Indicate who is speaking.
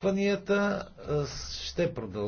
Speaker 1: Панията ще продължи.